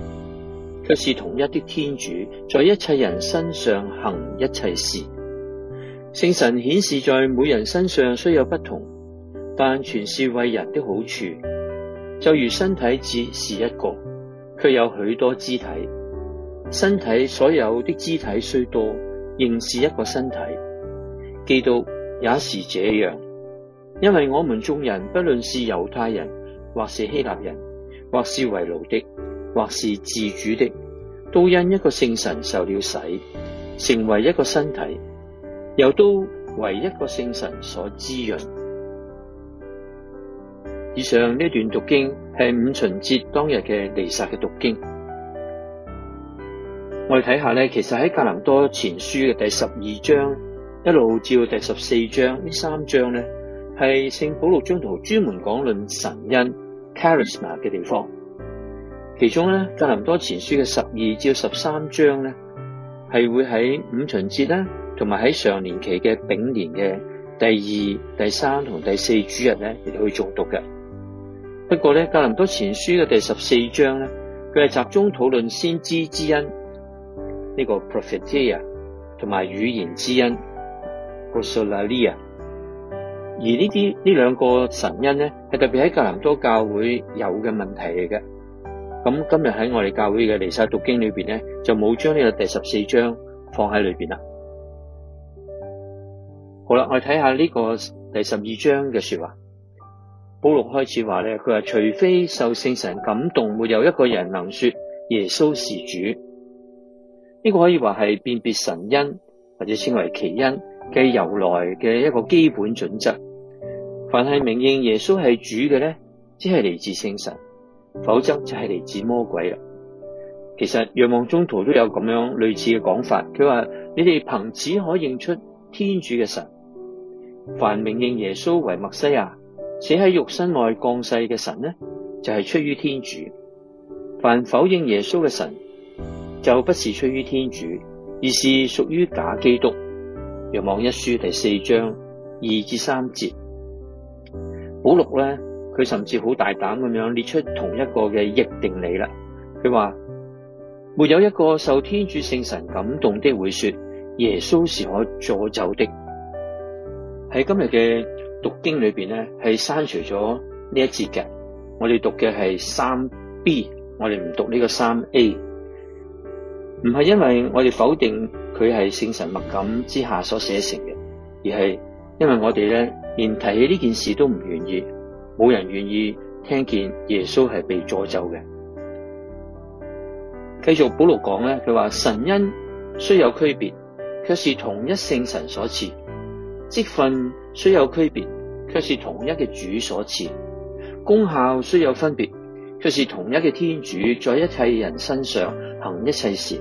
卻是同一的天主，在一切人身上行一切事。聖神顯示在每人身上雖有不同，但全是為人的好處。就如身體只是一個，卻有許多肢體；身體所有的肢體雖多，仍是一個身體。基督也是這樣，因為我們眾人不論是猶太人，或是希臘人，或是為奴的。或是自主的，都因一個聖神受了洗，成為一個身體，又都為一個聖神所滋潤。以上呢段讀經係五旬節當日嘅彌撒嘅讀經。我哋睇下咧，其實喺格林多前書嘅第十二章一路照到第十四章呢三章咧，係聖保祿宗徒專門講論神恩 charisma 嘅地方。其中咧，格林多前書嘅十二至十三章咧，係會喺五旬節啦，同埋喺上年期嘅丙年嘅第二、第三同第四主日咧，亦都去誦讀嘅。不過咧，格林多前書嘅第十四章咧，佢係集中討論先知之恩，呢、呢個 prophetia 同埋語言之恩 glossolalia 而呢啲呢兩個神恩咧，係特別喺格林多教會有嘅問題嚟嘅。咁今日喺我哋教會嘅彌撒讀經裏邊咧，就冇將呢個第十四章放喺裏邊啦。好啦，我哋睇下呢個第十二章嘅說話。保祿開始話咧，佢話，除非受聖神感動，沒有一個人能說耶穌是主。呢個可以話係辨別神恩或者稱為其恩嘅由來嘅一個基本準則。凡係明認耶穌係主嘅咧，只係嚟自聖神。否則就係嚟自魔鬼啦。其實《若望》中途都有咁樣類似嘅講法，佢話：你哋憑此可認出天主嘅神。凡明認耶穌為麥西亞，死喺肉身外降世嘅神呢，就係、是、出於天主。凡否認耶穌嘅神，就不是出於天主，而是屬於假基督。《若望》一書第四章二至三節，補錄咧。佢甚至好大膽咁樣列出同一個嘅逆定理啦。佢話，沒有一個受天主聖神感動的會說耶穌是可助走的。喺今日嘅讀經裏邊咧，係刪除咗呢一節嘅。我哋讀嘅係三 B，我哋唔讀呢個三 A。唔係因為我哋否定佢係聖神默感之下所寫成嘅，而係因為我哋咧連提起呢件事都唔願意。冇人願意聽見耶穌係被詛咒嘅。繼續保羅講咧，佢話，神恩雖有區別，卻是同一聖神所賜；職分雖有區別，卻是同一嘅主所賜；功效雖有分別，卻是同一嘅天主在一切人身上行一切事。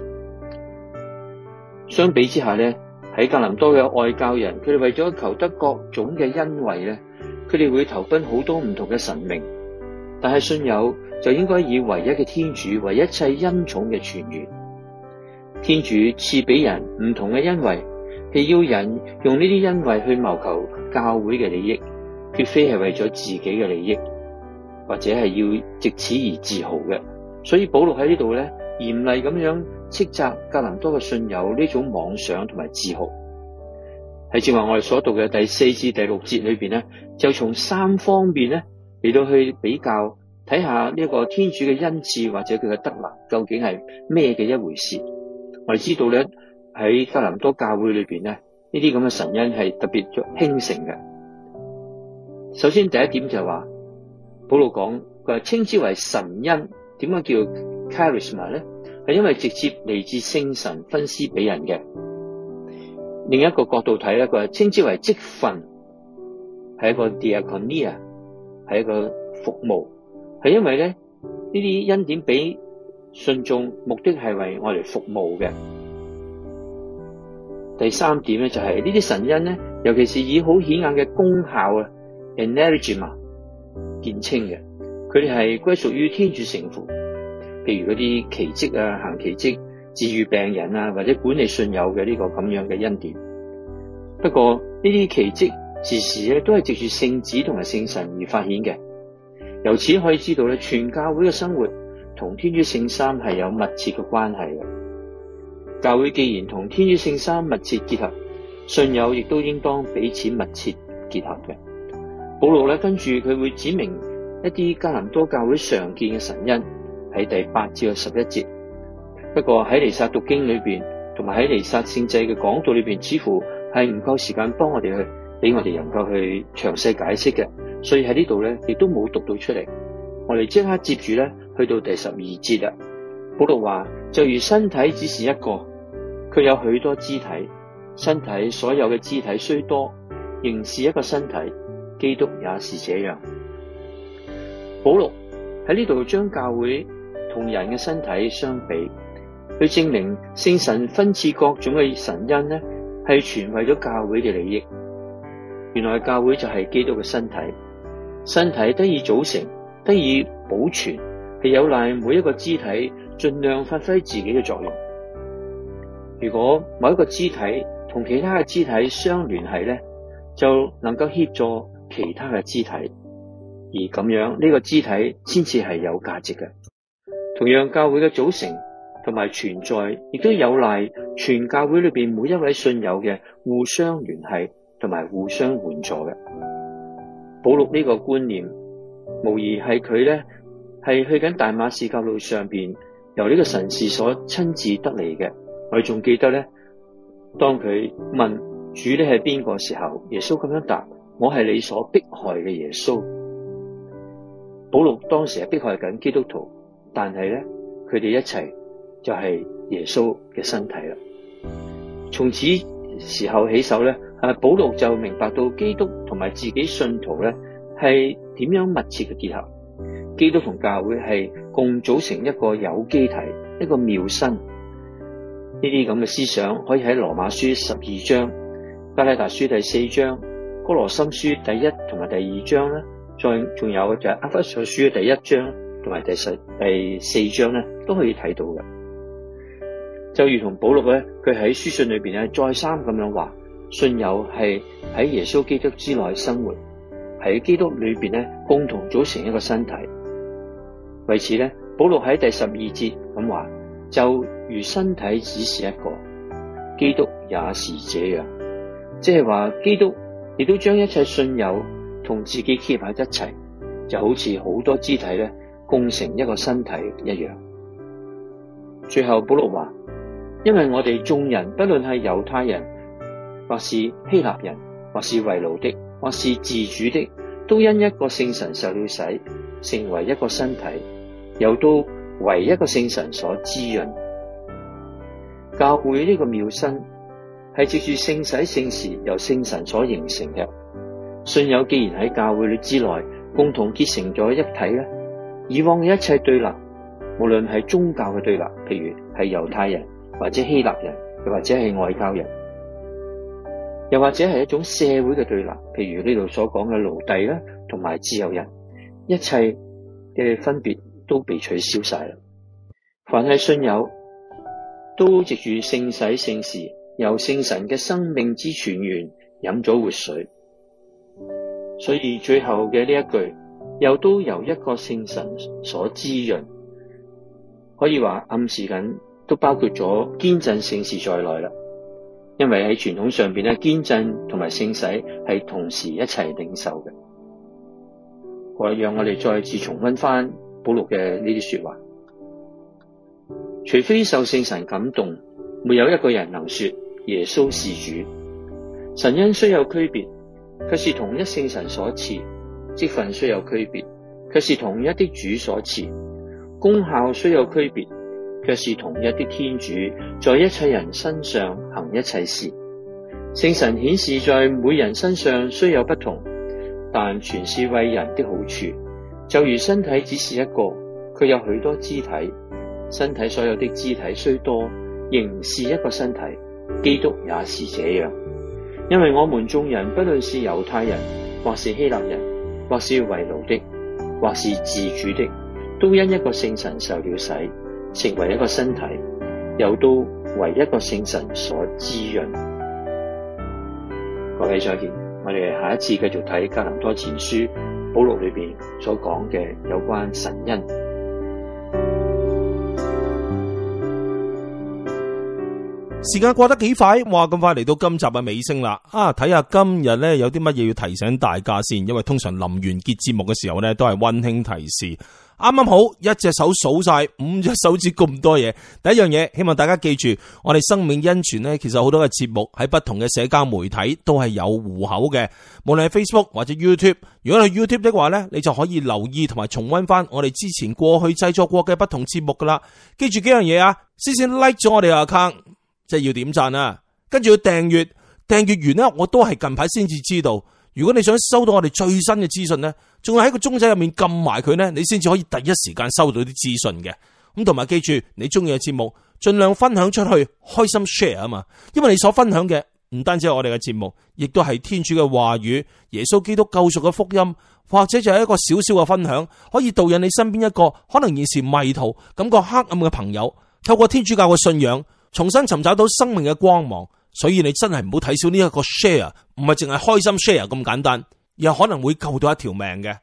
相比之下咧，喺格林多嘅外教人，佢哋為咗求得各種嘅恩惠咧。佢哋會投奔好多唔同嘅神明，但係信友就應該以唯一嘅天主為一切恩寵嘅泉源。天主賜俾人唔同嘅恩惠，係要人用呢啲恩惠去謀求教會嘅利益，絕非係為咗自己嘅利益，或者係要借此而自豪嘅。所以保祿喺呢度咧，嚴厲咁樣斥責格林多嘅信友呢種妄想同埋自豪。係正話我哋所讀嘅第四至第六節裏邊咧，就從三方面咧，嚟到去比較睇下呢一個天主嘅恩賜或者佢嘅德能究竟係咩嘅一回事。我哋知道咧喺格林多教會裏邊咧，呢啲咁嘅神恩係特別興盛嘅。首先第一點就係、是、話，保羅講佢係稱之為神恩，點解叫 charisma 咧？係因為直接嚟自聖神分施俾人嘅。另一個角度睇咧，佢稱之為積分，係一個 diakonia，係一個服務，係因為咧呢啲恩典俾信眾，目的係為我哋服務嘅。第三點咧就係呢啲神恩咧，尤其是以好顯眼嘅功效啊 energema 見稱嘅，佢哋係歸屬於天主聖父，譬如嗰啲奇蹟啊，行奇蹟。治癒病人啊，或者管理信友嘅呢、這個咁樣嘅恩典。不過呢啲奇蹟時時咧都係藉住聖子同埋聖神而發現嘅。由此可以知道咧，全教會嘅生活同天主聖三係有密切嘅關係嘅。教會既然同天主聖三密切結合，信友亦都應當彼此密切結合嘅。保祿咧跟住佢會指明一啲加林多教會常見嘅神恩喺第八至十一節。不過喺彌撒讀經裏邊，同埋喺彌撒聖祭嘅講道裏邊，似乎係唔夠時間幫我哋去俾我哋能夠去詳細解釋嘅，所以喺呢度咧亦都冇讀到出嚟。我哋即刻接住咧去到第十二節啦。保祿話：就如身體只是一個，佢有許多肢體；身體所有嘅肢體雖多，仍是一個身體。基督也是這樣。保祿喺呢度將教會同人嘅身體相比。去證明聖神分賜各種嘅神恩咧，係全為咗教會嘅利益。原來教會就係基督嘅身體，身體得以組成，得以保存，係有賴每一個肢體盡量發揮自己嘅作用。如果某一個肢體同其他嘅肢體相聯繫咧，就能夠協助其他嘅肢體，而咁樣呢、這個肢體先至係有價值嘅。同樣，教會嘅組成。同埋存在，亦都有賴全教會裏邊每一位信友嘅互相聯繫同埋互相援助嘅。保禄呢個觀念，無疑係佢咧係去緊大馬士革路上邊由呢個神士所親自得嚟嘅我哋仲記得咧，當佢問主你係邊個時候，耶穌咁樣答：我係你所迫害嘅耶穌。保禄當時係迫害緊基督徒，但係咧佢哋一齊。就係、是、耶穌嘅身體啦。從此時候起手咧，啊保祿就明白到基督同埋自己信徒咧係點樣密切嘅結合。基督同教會係共組成一個有機體，一個妙身。呢啲咁嘅思想可以喺羅馬書十二章、加拉達書第四章、哥羅森書第一同埋第二章啦，再仲有就係阿弗所書嘅第一章同埋第十第四章咧，都可以睇到嘅。就如同保祿咧，佢喺書信裏邊咧再三咁樣話，信友係喺耶穌基督之內生活，喺基督裏邊咧共同組成一個身體。為此咧，保祿喺第十二節咁話，就如身體只是一個，基督也是這樣，即係話基督亦都將一切信友同自己結合喺一齊，就好似好多肢體咧，共成一個身體一樣。最後保祿話。因為我哋眾人不論係猶太人，或是希臘人，或是為奴的，或是自主的，都因一個聖神受了洗，成為一個身體，又都為一個聖神所滋潤。教會呢個妙身係接住聖洗聖事由聖神所形成嘅。信友既然喺教會之內共同結成咗一體咧，以往嘅一切對立，無論係宗教嘅對立，譬如係猶太人。或者希臘人，又或者係外交人，又或者係一種社會嘅對立，譬如呢度所講嘅奴隸啦，同埋自由人，一切嘅分別都被取消晒啦。凡係信友，都藉住聖洗聖事，由聖神嘅生命之泉源飲咗活水，所以最後嘅呢一句，又都由一個聖神所滋潤，可以話暗示緊。都包括咗堅振聖事在內啦，因為喺傳統上邊咧，堅振同埋聖洗係同時一齊領受嘅。我讓我哋再次重温翻保祿嘅呢啲說話，除非受聖神感動，沒有一個人能說耶穌是主。神恩雖有區別，卻是同一聖神所賜；職份雖有區別，卻是同一的主所賜；功效雖有區別。卻是同一的天主，在一切人身上行一切事。聖神顯示在每人身上雖有不同，但全是為人的好處。就如身體只是一個，佢有許多肢體，身體所有的肢體雖多，仍是一個身體。基督也是這樣，因為我們眾人不論是猶太人，或是希臘人，或是為奴的，或是自主的，都因一個聖神受了洗。成為一個身體，又都為一個聖神所滋潤。各位再見，我哋下一次繼續睇格林多前書保祿裏邊所講嘅有關神恩。時間過得幾快，哇！咁快嚟到今集嘅尾聲啦，啊！睇下今日咧有啲乜嘢要提醒大家先，因為通常臨完結節目嘅時候咧，都係溫馨提示。啱啱好，一隻手數晒五隻手指咁多嘢。第一樣嘢，希望大家記住，我哋生命恩泉呢，其實好多嘅節目喺不同嘅社交媒體都係有戶口嘅，無論係 Facebook 或者 YouTube。如果係 YouTube 的話呢，你就可以留意同埋重温翻我哋之前過去製作過嘅不同節目噶啦。記住幾樣嘢、like、啊，先先 like 咗我哋個 account，即係要點讚啊。跟住要訂閱，訂閱完呢，我都係近排先至知道。如果你想收到我哋最新嘅資訊呢，仲要喺個鐘仔入面撳埋佢呢，你先至可以第一時間收到啲資訊嘅。咁同埋記住，你中意嘅節目盡量分享出去，開心 share 啊嘛！因為你所分享嘅唔單止係我哋嘅節目，亦都係天主嘅話語、耶穌基督救贖嘅福音，或者就係一個小小嘅分享，可以導引你身邊一個可能現時迷途、感覺黑暗嘅朋友，透過天主教嘅信仰，重新尋找到生命嘅光芒。所以你真係唔好睇少呢一個 share，唔係淨係開心 share 咁簡單，而係可能會救到一條命嘅。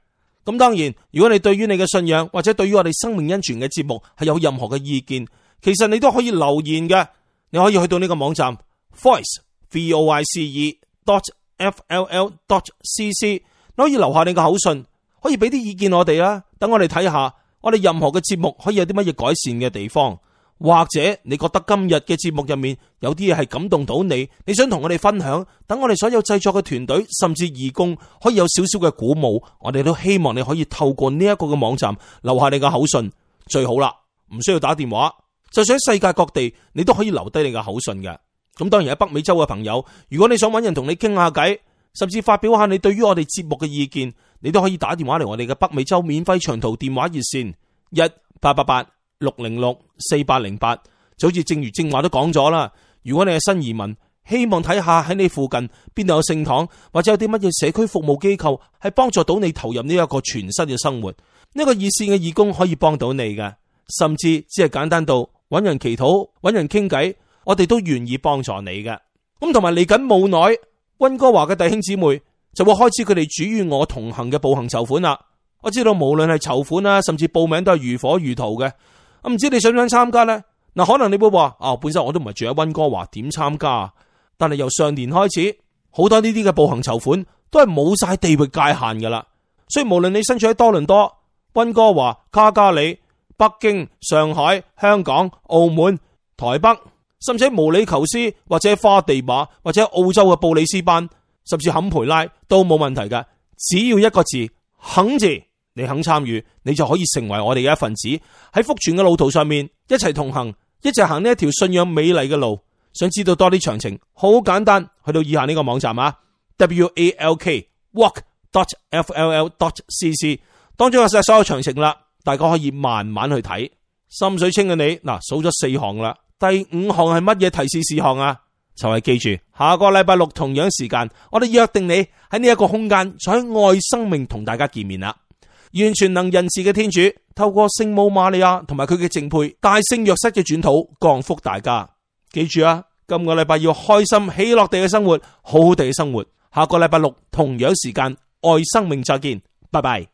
咁當然，如果你對於你嘅信仰或者對於我哋生命恩泉嘅節目係有任何嘅意見，其實你都可以留言嘅。你可以去到呢個網站 voice v o i c e dot f l l dot c c，你可以留下你嘅口信，可以俾啲意見我哋啦，等我哋睇下，我哋任何嘅節目可以有啲乜嘢改善嘅地方。或者你覺得今日嘅節目入面有啲嘢係感動到你，你想同我哋分享，等我哋所有製作嘅團隊甚至義工可以有少少嘅鼓舞，我哋都希望你可以透過呢一個嘅網站留下你嘅口訊，最好啦，唔需要打電話，就算喺世界各地你都可以留低你嘅口訊嘅。咁當然喺北美洲嘅朋友，如果你想揾人同你傾下偈，甚至發表下你對於我哋節目嘅意見，你都可以打電話嚟我哋嘅北美洲免費長途電話熱線一八八八。18888六零六四八零八，就好似正如正話都講咗啦。如果你係新移民，希望睇下喺你附近邊度有聖堂，或者有啲乜嘢社區服務機構係幫助到你投入呢一個全新嘅生活。呢個熱線嘅義工可以幫到你嘅，甚至只係簡單到搵人祈禱、搵人傾偈，我哋都願意幫助你嘅。咁同埋嚟緊冇耐，溫哥華嘅弟兄姊妹就會開始佢哋主與我同行嘅步行籌款啦。我知道無論係籌款啦，甚至報名都係如火如荼嘅。唔知你想唔想參加呢？嗱，可能你會話啊、哦，本身我都唔係住喺溫哥華，點參加？但係由上年開始，好多呢啲嘅步行籌款都係冇晒地域界限噶啦。所以無論你身處喺多倫多、溫哥華、卡加里、北京、上海、香港、澳門、台北，甚至毛里求斯或者花地馬或者澳洲嘅布里斯班，甚至坎培拉都冇問題㗎。只要一個字，肯字。你肯參與，你就可以成為我哋嘅一份子，喺福傳嘅路途上面一齊同行，一齊行呢一條信仰美麗嘅路。想知道多啲詳情，好簡單，去到以下呢個網站啊，w a l k walk dot f l l dot c c，當中有晒所有詳情啦。大家可以慢慢去睇。心水清嘅你嗱，數咗四項啦，第五項係乜嘢提示事項啊？就係記住下個禮拜六同樣時間，我哋約定你喺呢一個空間，在愛生命同大家見面啦。完全能仁慈嘅天主透過聖母瑪利亞同埋佢嘅淨配大聖若瑟嘅轉禱降福大家，記住啊，今個禮拜要開心喜樂地嘅生活，好好地嘅生活。下個禮拜六同樣時間愛生命再見，拜拜。